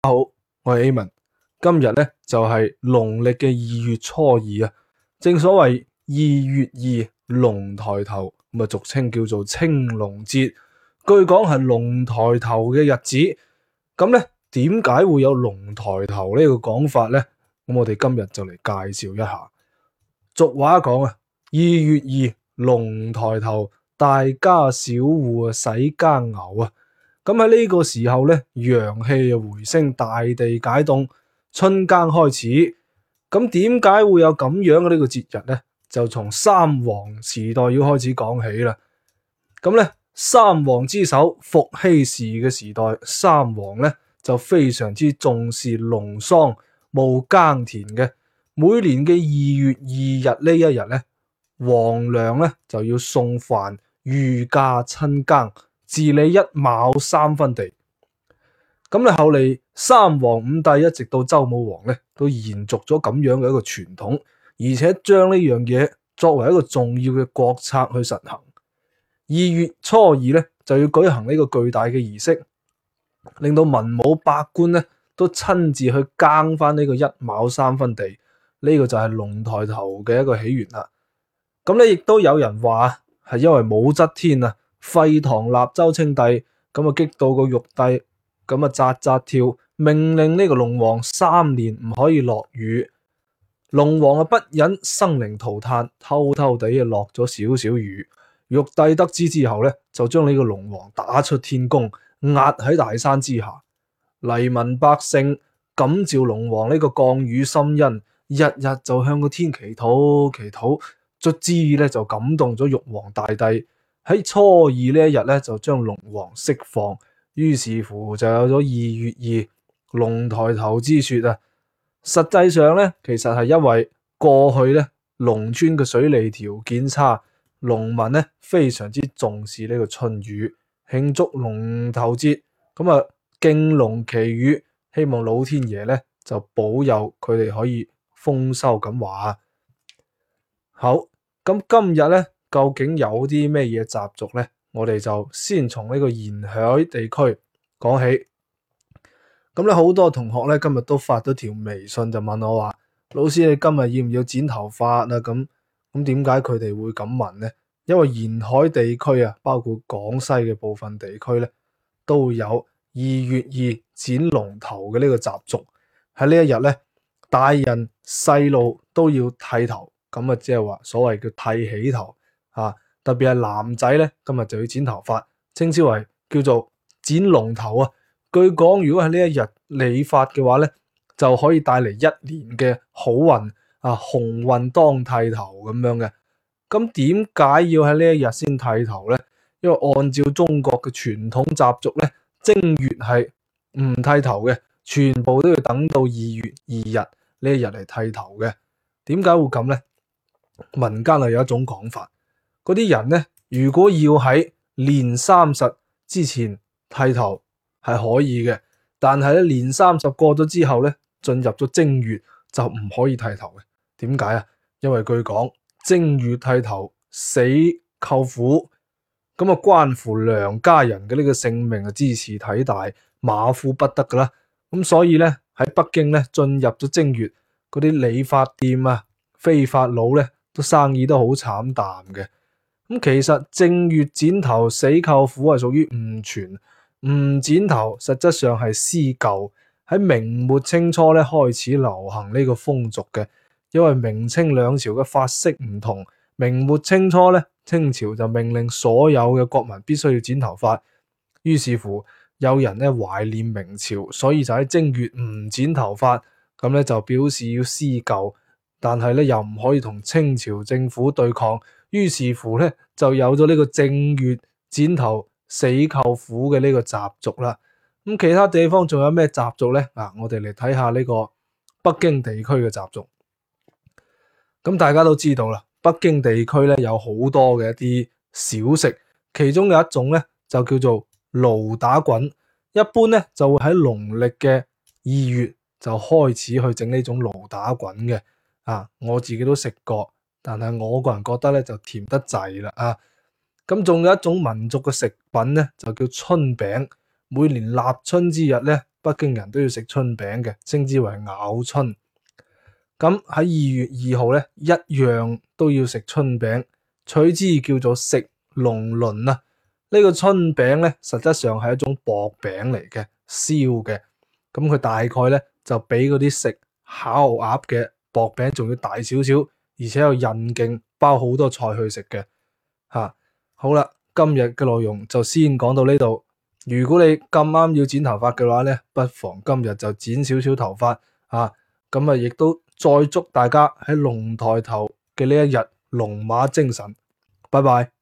大家好，我係 Amin。今日咧就係、是、農曆嘅二月初二啊，正所謂二月二龍抬頭，咁啊俗稱叫做青龍節。據講係龍抬頭嘅日子，咁咧點解會有龍抬頭個呢個講法咧？咁我哋今日就嚟介紹一下。俗話講啊，二月二龍抬頭，大家小戶啊洗耕牛啊。咁喺呢個時候咧，陽氣又回升，大地解凍，春耕開始。咁點解會有咁樣嘅呢個節日咧？就從三皇時代要開始講起啦。咁咧，三皇之首伏羲氏嘅時代，三皇咧就非常之重視農桑務耕田嘅。每年嘅二月二日呢一日咧，皇娘咧就要送飯御駕親耕。治理一畝三分地，咁你後嚟三皇五帝一直到周武王咧，都延續咗咁樣嘅一個傳統，而且將呢樣嘢作為一個重要嘅國策去實行。二月初二咧，就要舉行呢個巨大嘅儀式，令到文武百官咧都親自去耕翻呢個一畝三分地，呢個就係龍抬頭嘅一個起源啦。咁你亦都有人話係因為武則天啊。廢唐立周稱帝，咁啊激到個玉帝，咁啊扎扎跳，命令呢個龍王三年唔可以落雨。龍王啊不忍生靈塗炭，偷偷地啊落咗少少雨。玉帝得知之後呢，就將呢個龍王打出天宮，壓喺大山之下。黎民百姓感召龍王呢個降雨深恩，日日就向個天祈禱祈禱，卒之呢，就感動咗玉皇大帝。喺初二呢一日咧，就將龍王釋放。於是乎就有咗二月二龍抬頭之說啊。實際上咧，其實係因為過去咧，農村嘅水利條件差，農民咧非常之重視呢個春雨，慶祝龍頭節，咁啊敬龍祈雨，希望老天爺咧就保佑佢哋可以豐收咁話。好，咁今日咧。究竟有啲咩嘢習俗呢？我哋就先從呢個沿海地區講起。咁咧，好多同學咧今日都發咗條微信就問我話：老師，你今日要唔要剪頭髮啊？咁咁點解佢哋會咁問呢？因為沿海地區啊，包括廣西嘅部分地區咧，都有二月二剪龍頭嘅呢個習俗。喺呢一日咧，大人細路都要剃頭，咁啊，即係話所謂叫剃起頭。啊！特別係男仔咧，今日就要剪頭髮，稱之為叫做剪龍頭啊！據講，如果喺呢一日理髮嘅話咧，就可以帶嚟一年嘅好運啊，鴻運當剃頭咁樣嘅。咁點解要喺呢一日先剃頭咧？因為按照中國嘅傳統習俗咧，正月係唔剃頭嘅，全部都要等到二月二日呢一日嚟剃頭嘅。點解會咁咧？民間係有一種講法。嗰啲人呢，如果要喺年三十之前剃頭係可以嘅，但係咧年三十過咗之後呢，進入咗正月就唔可以剃頭嘅。點解啊？因為據講正月剃頭死舅父，咁啊關乎娘家人嘅呢個性命啊，支持體大馬虎不得噶啦。咁所以呢，喺北京咧進入咗正月，嗰啲理髮店啊、非法佬呢，都生意都好慘淡嘅。咁其實正月剪頭死舅父係屬於誤傳，唔剪頭實質上係思舊。喺明末清初咧開始流行呢個風俗嘅，因為明清兩朝嘅髮式唔同，明末清初咧清朝就命令所有嘅國民必須要剪頭髮，於是乎有人咧懷念明朝，所以就喺正月唔剪頭髮，咁咧就表示要思舊，但係咧又唔可以同清朝政府對抗。於是乎咧，就有咗呢個正月剪頭死舅父嘅呢個習俗啦。咁、嗯、其他地方仲有咩習俗呢？嗱、啊，我哋嚟睇下呢個北京地區嘅習俗。咁、嗯、大家都知道啦，北京地區咧有好多嘅一啲小食，其中有一種咧就叫做驢打滾。一般咧就會喺農曆嘅二月就開始去整呢種驢打滾嘅。啊，我自己都食過。但係我個人覺得咧就甜得滯啦，啊，咁仲有一種民族嘅食品咧就叫春餅，每年立春之日咧，北京人都要食春餅嘅，稱之為咬春。咁喺二月二號咧一樣都要食春餅，取之叫做食龍鱗啦。呢個春餅咧實質上係一種薄餅嚟嘅，燒嘅，咁佢大概咧就比嗰啲食烤鴨嘅薄餅仲要大少少。而且有韌勁，包好多菜去食嘅。吓、啊、好啦，今日嘅內容就先講到呢度。如果你咁啱要剪頭髮嘅話咧，不妨今日就剪少少頭髮啊！咁啊，亦都再祝大家喺龍抬頭嘅呢一日龍馬精神。拜拜。